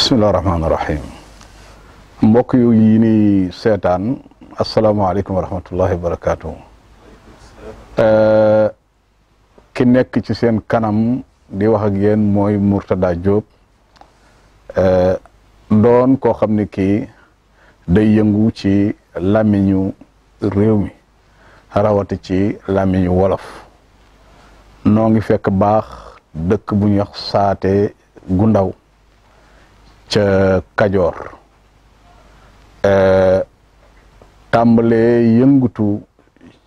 bisimilah rahmaani rahim mbokk yu yi seetaan asalaamaaleykum wa rahmatullahi wa barakaatu. Eh, ki nekk ci seen kanam di wax ak yéen mooy Mourtada Diop eh, doon koo xam ni kii day yëngu ci làmmiñu réew mi rawati ci làmmiñu wolof noo ngi fekk baax dëkk bu ñuy wax saate gu ndaw ca Kajoor tàmbalee yëngutu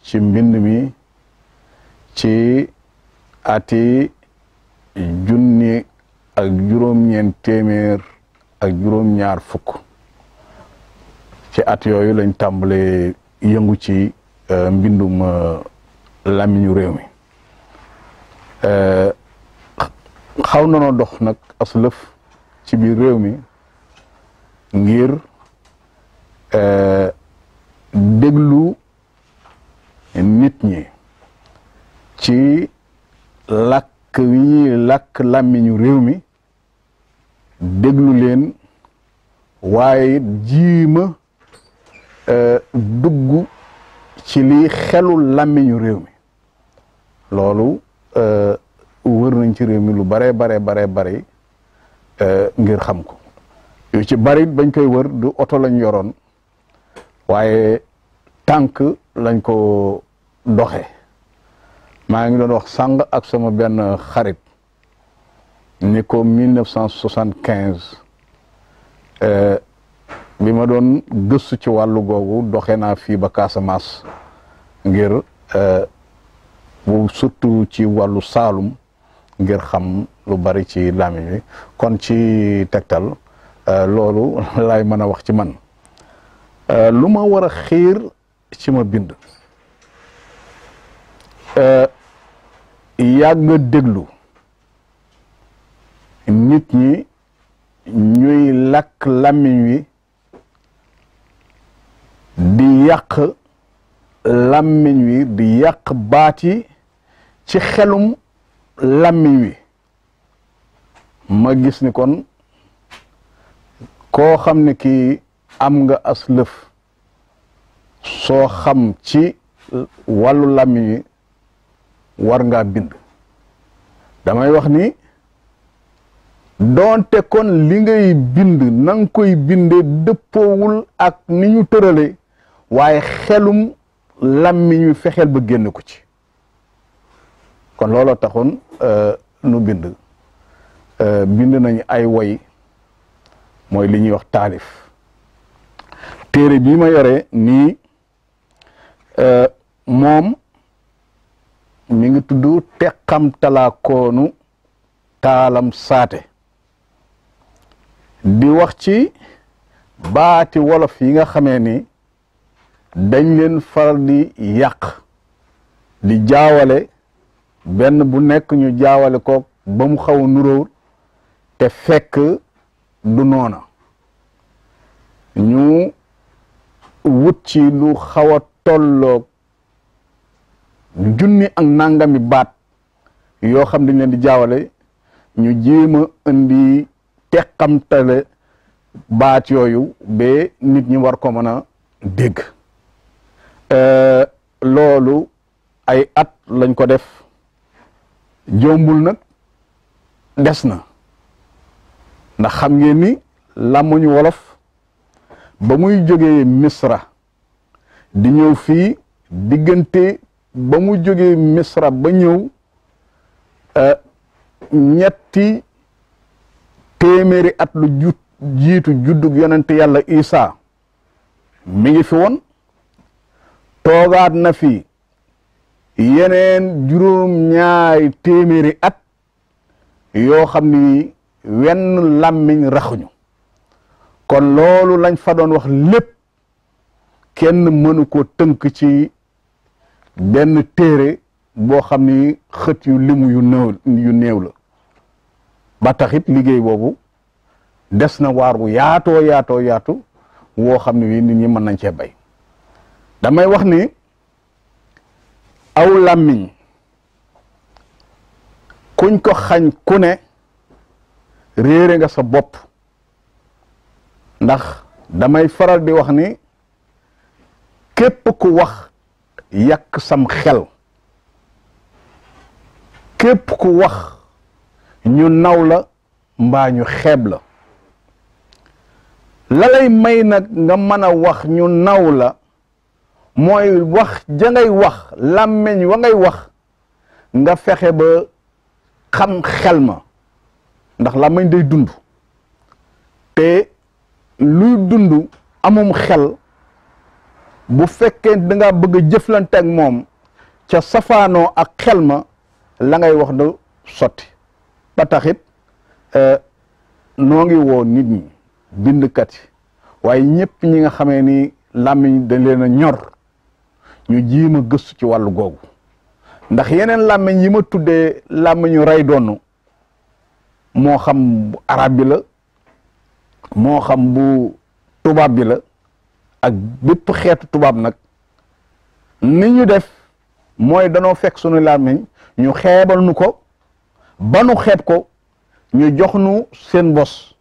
ci mbind mi ci ati junni ak juróom-ñeent téeméer ak juróom-ñaar fukk ci at yooyu lañ tàmbalee yëngu ci e, mbindum e, làmmiñu réew mi xaw nanoo dox nag aslëf ci biir réew mi ngir euh, déglu nit ñi ci làkk wi ñuy làkk làmmiñu réew mi déglu leen waaye jiima euh, dugg ci li xelul làmmiñu réew mi loolu euh, wër nañ ci réew mi lu bare bare bare bare Euh, ngir xam ko yu ci bari bañ koy wër du oto lañ yoroon waaye tànk lañ ko doxe maa ngi doon wax sàng ak sama benn xarit ni ko mille neuf cent soixante-quinze euh, bi ma doon gëstu ci wàllu googu doxe naa fii ba Casamance ngir euh, bu surtout ci wàllu Saalum ngir xam lu bari ci làmmiñ wi kon ci tegtal euh, loolu lay mën a wax ci man euh, lu ma war a xiir ci ma bind euh, yàgg déglu nit ñi ñuy lakk làmmiñ wi di yàq làmmiñ wi di yàq baat yi ci xelum làmmiñ wi ma gis ni kon koo xam ne kii am nga as lëf soo xam ci wàllu làmmiñ wi war ngaa bind damay wax ni doonte kon li ngay bind na koy binde dëppoowul ak ni ñu tërale waaye xelum làmmiñ wi fexeel ba génn ko ci loolo looloo euh, nu bind euh, bind nañu ay woy mooy li ñuy wax taalif téere bii ma yore nii euh, moom mi ngi tudd teqam talaakoonu taalam saate di wax ci baati wolof yi nga xamee ni dañ leen faral di yàq di jaawale benn bu nekk ñu jaawale ko ba mu xaw a te fekk du noona ñu wut ci lu xaw a tolloog junni ak nangami baat yoo xam dañ leen di jaawale ñu jéem a indi teqamtale baat yooyu ba nit ñi war ko mën a dégg euh, loolu ay at lañ ko def jombul nag des na ndax xam ngeen ni làmmuñu wolof ba muy jógee misra di ñëw fii diggante ba mu jógee misra ba ñëw euh, ñetti téeméeri at lu jiitu juddug yonent yàlla Isa mi ngi fi woon toogaat na fi yeneen juróom-ñaari téeméeri at yoo xam ni wenn làmmiñ raxuñu kon loolu lañ fa doon wax lépp kenn mënu ko tënk ci benn téere boo xam ni xët yu limu yu néew la ba taxit liggéey boobu des na waar bu yaato yaato yaatu woo xam ne wi nit ñi mën nañ cee bay wax ni aw làmmiñ kuñ ko xañ ku ne réere nga sa bopp ndax damay faral di wax ni képp ku wax yàq sam xel képp ku wax ñu naw la mbaa ñu xeeb la lalay may nag nga mën a wax ñu naw la mooy wax jangay wax làmmiñ wa ngay wax nga fexe ba xam xel ma ndax làmmeñ day dund te luy dund amum xel bu fekkee danga nga bëgg a jëflante ak moom ca safaano ak xel ma la ngay wax du sotti ba taxit euh, noo ngi woo nit ñi bindkat yi waaye ñëpp ñi nga xamee ni làmmiñ dañ leen ñor ñu jiima gëstu ci wàllu googu ndax yeneen làmmiñ yi ma tuddee làmmiñu rey doon moo xam bu arab bi la moo xam bu tubaab bi la ak bépp xeetu tubaab nag ni ñu def mooy danoo fekk sunu làmmiñ ñu xeebal nu ko ba nu xeeb ko ñu jox nu seen bos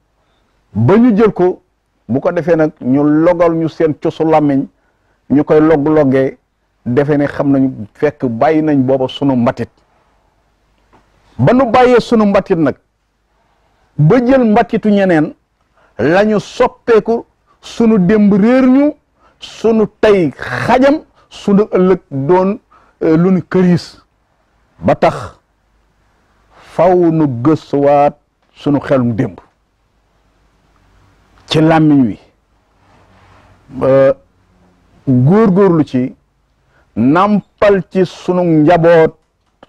ba ñu jël ko bu ko defee nag ñu logal ñu seen cosu làmmiñ ñu koy log-logee defe ne xam nañu fekk bàyyi nañ booba sunu mbatit ba nu bàyyee sunu mbatit nag ba jël mbatitu ñeneen lañu soppeeku sunu démb réer ñu sunu tey xajam sunu ëllëg doon e, lu nu këriis ba tax faw nu gëstuwaat sunu xelum démb ci làmmiñ wi góorgóorlu ci nampal ci sunu njaboot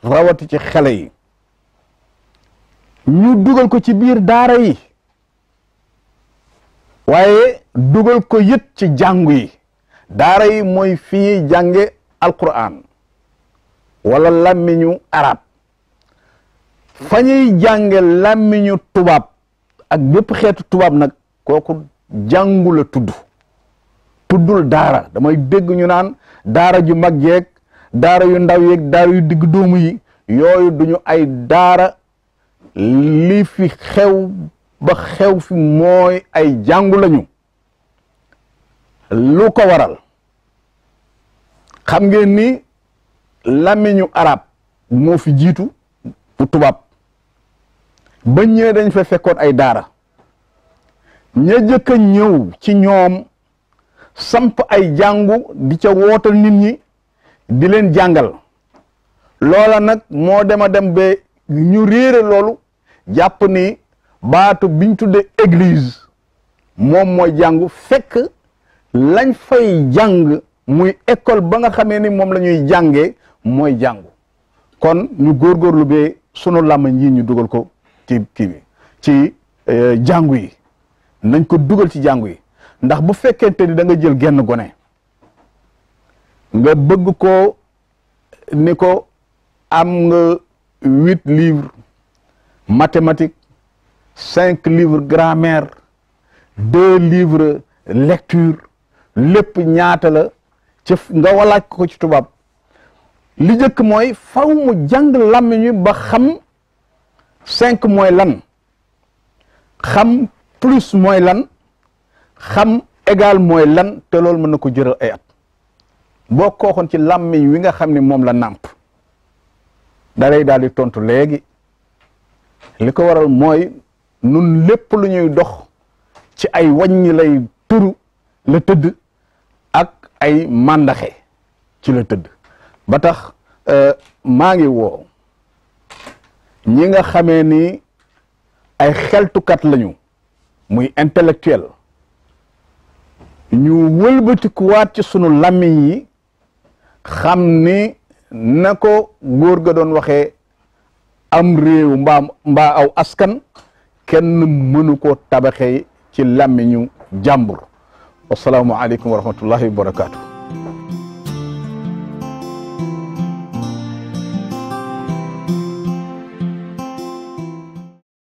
rawati ci xale yi ñu dugal ko ci biir daara yi waaye dugal ko yët ci jàngu yi daara yi mooy fii jànge alquran wala làmmiñu arab fa ñuy jànge làmmiñu tubaab ak bépp xeetu tubaab nag kooku jàngu la tudd tuddul daara damay dégg ñu naan daara ju mag yeeg daara yu ndaw yeeg daara yu digg dóomu yi yooyu duñu ay daara li fi xew ba xew fi mooy ay jàngu lañu lu ko waral xam ngeen ni làmmiñu arab moo fi jiitu bu tubaab ba ñëwee dañ fa fekkoon ay daara ña jëkk a ñëw ci ñoom samp ay jàngu di ca wootal nit ñi di leen jàngal loola nag moo dem a dem ba ñu réere loolu jàpp ni baatu biñ tuddee église moom mooy jàngu fekk lañ fay jàng muy école ba nga xamee ni moom la ñuy jàngee mooy jàngu kon ñu góorgóorlu bee sunu làmmiñ yi ñu dugal ko ci kii bi ci eh, jàngu yi nañ ko dugal ci jàngu yi ndax bu fekkente ni da nga jël genn gone nga bëgg ko ni ko am nga huit livres mathématiques cinq livres grammaire deux livres lecture lépp ñaata la ci nga walaaj ko ci tubaab li njëkk mooy faw mu jàng làmmiñu ba xam cinq mooy lan xam plus mooy lan xam égal mooy lan te loolu mën na ko jëral ay at boo kooxoon ci làmmiñ wi nga xam ni moom la namp da daal di tontu léegi li ko waral mooy nun lépp lu ñuy dox ci ay waññi lay turu la tëdd ak ay màndaxe ci la tëdd ba tax euh, maa ngi woo ñi nga xamee ni ay xeltukat lañu muy intellectuel ñu wëlbatikuwaat ci sunu làmmiñ yi xam ni na ko góor ga doon waxee am réew mbaa mbaa aw askan kenn mënu ko tabaxee ci làmmiñu jàmbur wasalaamu aleykum wa rahmatullahi wa barakaatu